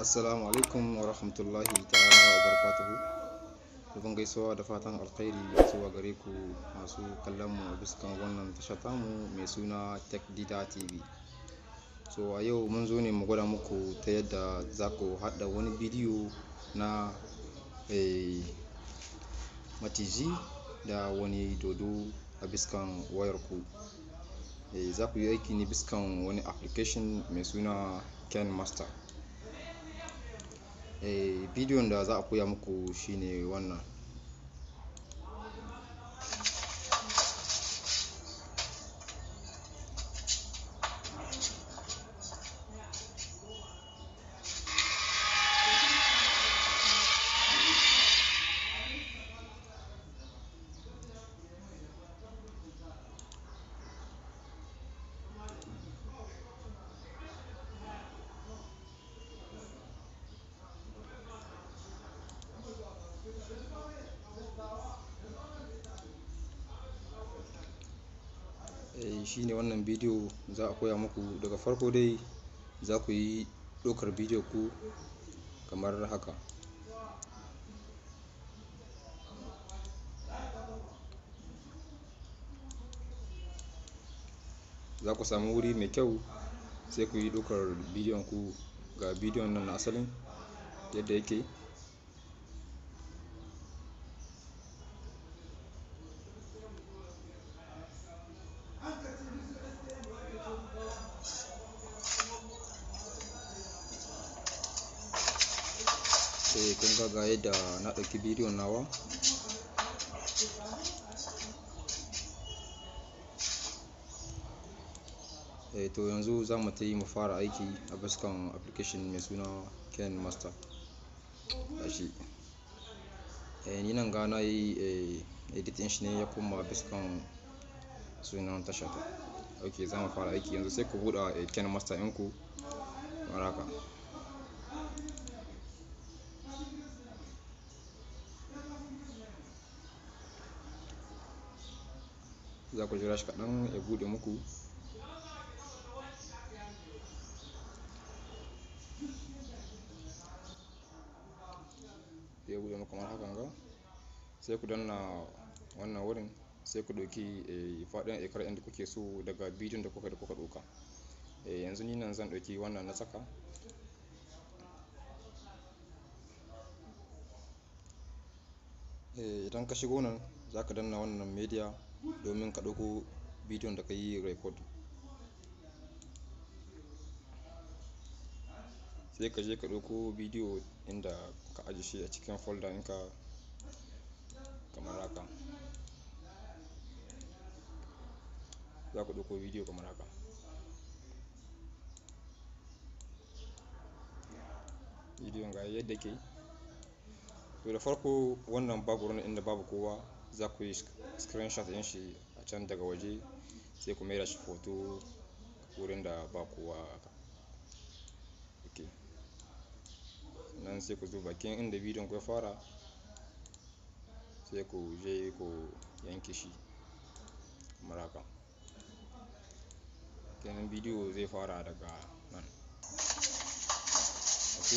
assalamu alaikum wa rahmatullahi ta'ala wa barakatuhu dubin gaisuwa da fatan alkhairi zuwa gare ku masu kallon mu biskan wannan tasha mu mai suna tech dida tv so a yau mun zo ne mu gwada muku ta yadda za ku haɗa wani bidiyo na eh, matiji da wani dodo a biskan wayar ku eh, za ku yi aiki ne biskan wani application mai suna ken master eh bidiyon da za a koya muku shine wannan shine wannan bidiyo za a koya muku daga farko dai za ku yi ɗaukar bidiyo ku kamar haka za ku samu wuri mai kyau sai ku yi ɗaukar bidiyon ku ga bidiyon nan na asalin yadda yake kun ga ga yadda na ɗauki bidiyon nawa eh, to yanzu za mu ta yi mu fara aiki a fuskan application mai suna ken master gashi eh, ni nan gana na yi eh, editin shi ne ya kuma fuskan sunan tasha ta ok za mu fara aiki yanzu sai ku buɗa ken master ɗinku maraka za ku jira shi kaɗan ya buɗe muku ya buɗe muku kamar hakan ga sai ku danna wannan wurin sai ku ɗauki eh, faɗin ekar inda kuke so daga bidiyon da kuka da kuka ɗauka eh, yanzu ni nan zan ɗauki wannan na tsaka eh, idan ka shigo nan za ka danna wannan media domin ka ɗauko bidiyon da ka yi rekodin sai ka je ka ɗauko bidiyo inda ka ajiye shi a cikin folda ɗinka kamar haka za ka ɗauko bidiyo kamar haka bidiyon ga yadda ke to da farko wannan babu wani inda babu kowa za ku yi screenshot ɗin shi a can daga waje sai ku maida shi foto wurin da ba kowa haka ok nan sai ku zo bakin inda bidiyon ku ya fara sai ku je ku yanke shi kamar haka kenan bidiyo zai fara daga nan ok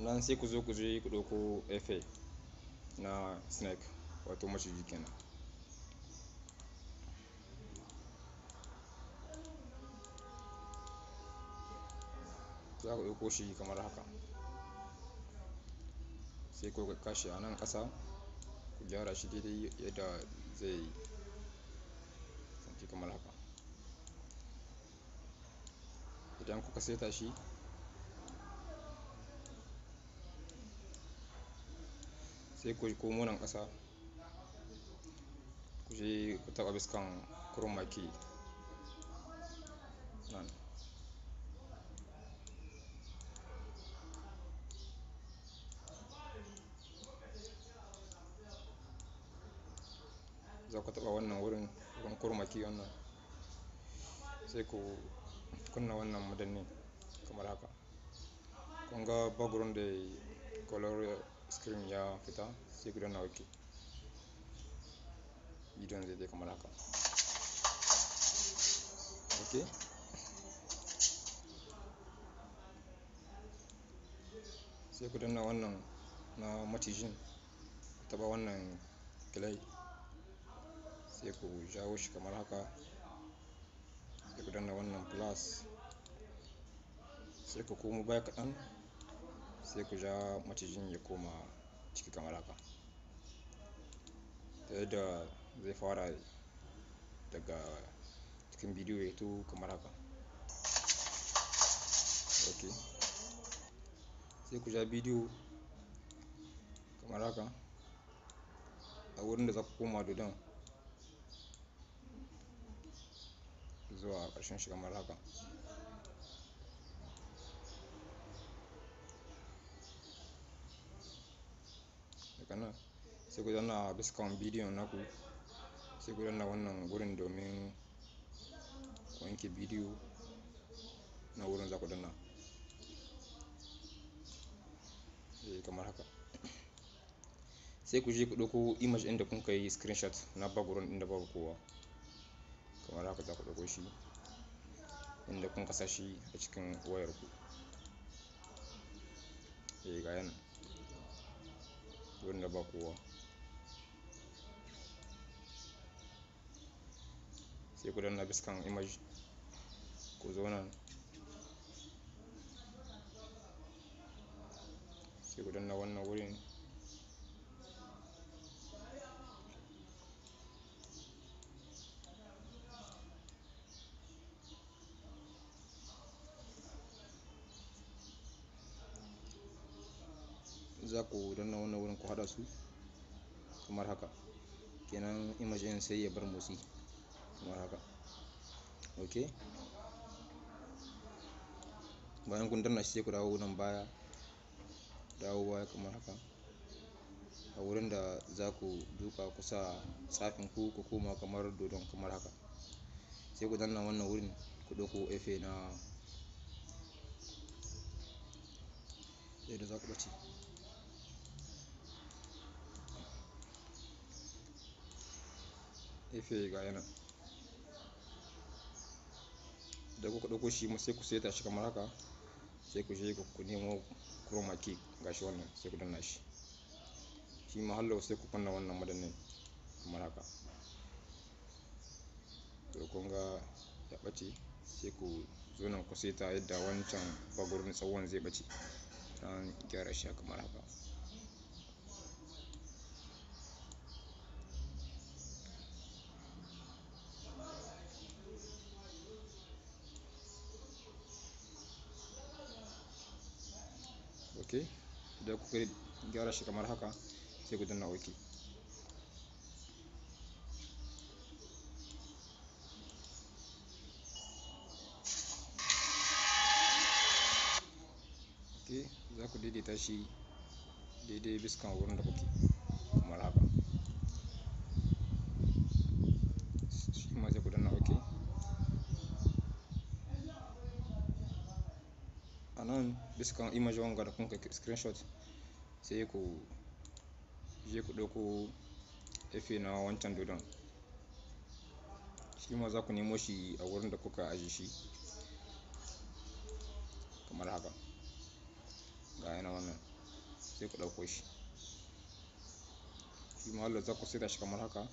nan sai ku zo ku je ku ɗauko effect na snake wato maciji kenan za ka ɗauko shi kamar haka sai ku kashi a nan ƙasa ku gyara shi daidai yadda zai yi kamar haka idan kuka seta shi sai ku komo nan ƙasa ku je ku taɓa biskan kurun maki nan za ku taɓa wannan wurin wurin kurmaki wannan sai ku kunna wannan madannin kamar haka kun ga bagurin da ya color screen ya fita sai ku danna ok bidiyon zai zai kamar haka ok sai ku danna wannan na matijin taba wannan kilai sai ku jawo shi kamar haka sai ku danna wannan plus sai ku komo baya kaɗan sai ku ja macijin ya koma ciki kamar haka ta yadda zai fara daga cikin bidiyo ya to kamar haka ok sai ku ja bidiyo kamar haka a wurin da za ku koma dodon zuwa ƙarshen shi kamar haka kana sai ku zanna bisa kan bidiyon naku sai ku zanna wannan gurin domin ku yanke bidiyo na wurin za ku danna eh, kamar haka sai ku je ku ɗauko image ɗin da kun kai screenshot na background ɗin da babu kowa kamar haka za ku ɗauko shi inda kun kasa shi a cikin wayarku eh ga yana wurin ba kowa sai ku danna biskan image ku zauna sai ku danna wannan wurin za ku danna wannan wurin ku haɗa su kamar haka kenan image sai ya bar motsi kamar haka ok bayan kun danna shi sai ku dawo nan baya dawo baya kamar haka a wurin da za ku duka kusa tsafin ku ku koma kamar dodon kamar haka sai ku danna wannan wurin ku ɗauko efe na yadda za ku ɓace ife ga yana da kuka ɗauko shi sai ku seta shi kamar haka sai ku je ku nemo chroma key ga shi wannan sai ku danna shi shi ma hallo sai ku kunna wannan madannin kamar haka to kun ga ya ɓace sai ku zo nan ku seta yadda wancan bagurin tsawon zai ɓace ran gyara shi kamar haka ok da kuka gyara shi kamar haka sai ku danna ok ok za ku daidaita shi daidai biskan wurin da kuke bisa kan image wanga da kuma screenshot sai ku je ku ɗauko efe na wancan dodon shi ma za ku nemo shi a wurin da kuka aje shi kamar haka ga yana wannan sai ku ɗauko shi shi ma za ku saita shi kamar haka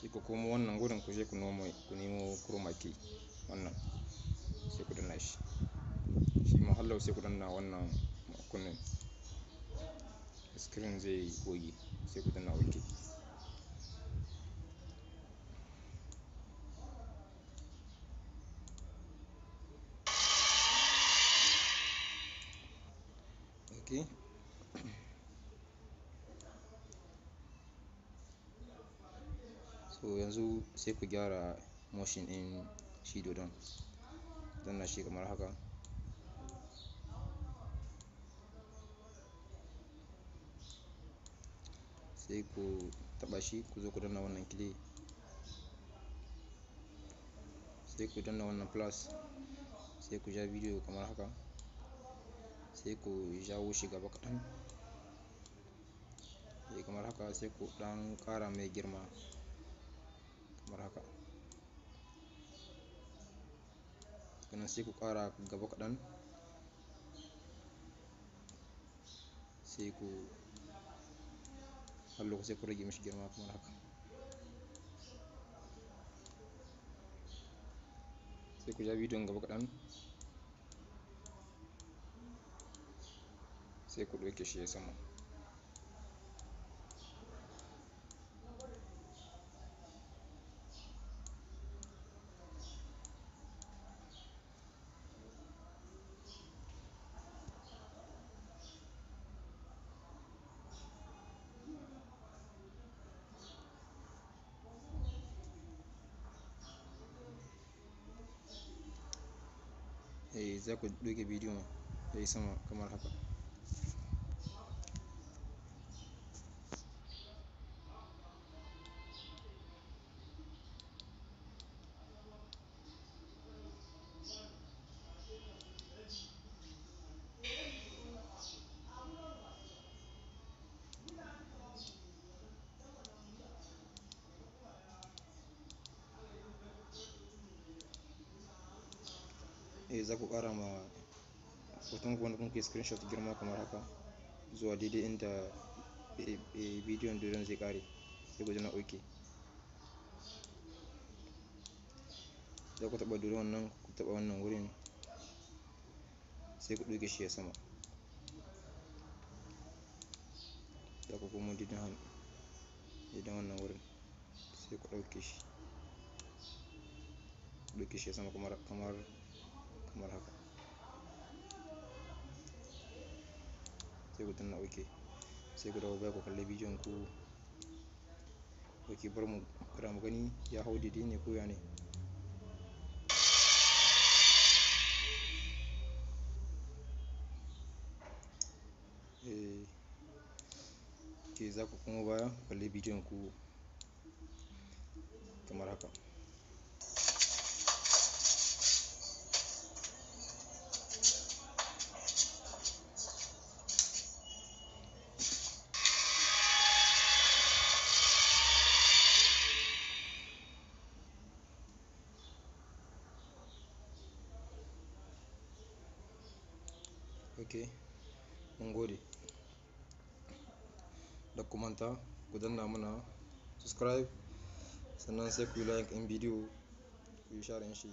sai ku koma wannan gurin ku je ku nemo chroma key wannan sai ku danna shi shi ma hallau sai ku danna wannan kunnen screen zai goge sai ku danna ok ok so yanzu sai ku gyara motion in shi dodon danna shi kamar haka sai ku taba shi ku zo ku danna wannan clay sai ku danna wannan plus sai ku ja bidiyo kamar haka sai ku jawo shi gaba kaɗan sai eh, kamar haka sai ku ɗan ƙara mai girma kamar haka sannan sai ku ƙara gaba kaɗan sai ku wani lokaci ku rage mishi girma kuma haka sai ku ja bidiyon gaba kaɗan sai shi ya sama Et ça coûte video eh za ku ƙara ma hoton ku wanda kun ke screenshot girma kamar haka zuwa daidai inda eh, eh, bidiyon dodon zai ƙare sai ku na ok za ku taba dodon wannan ku taba wannan wurin sai ku duke shi ya sama za ku komo daidai wannan wurin sai ku dauke shi duke shi ya sama kamar kamar haka sai ku danna ok sai ku dawo baya ku kalli bidiyon ku ok bar mu kira mu gani ya hau daidai ne ko ya ne eh, ke za ku kuma baya ku kalli bidiyon ku kamar haka Okay, mun gode. Da ku manta, ku danna mana subscribe sannan sai ku yi like in bidiyo, ku yi share shi.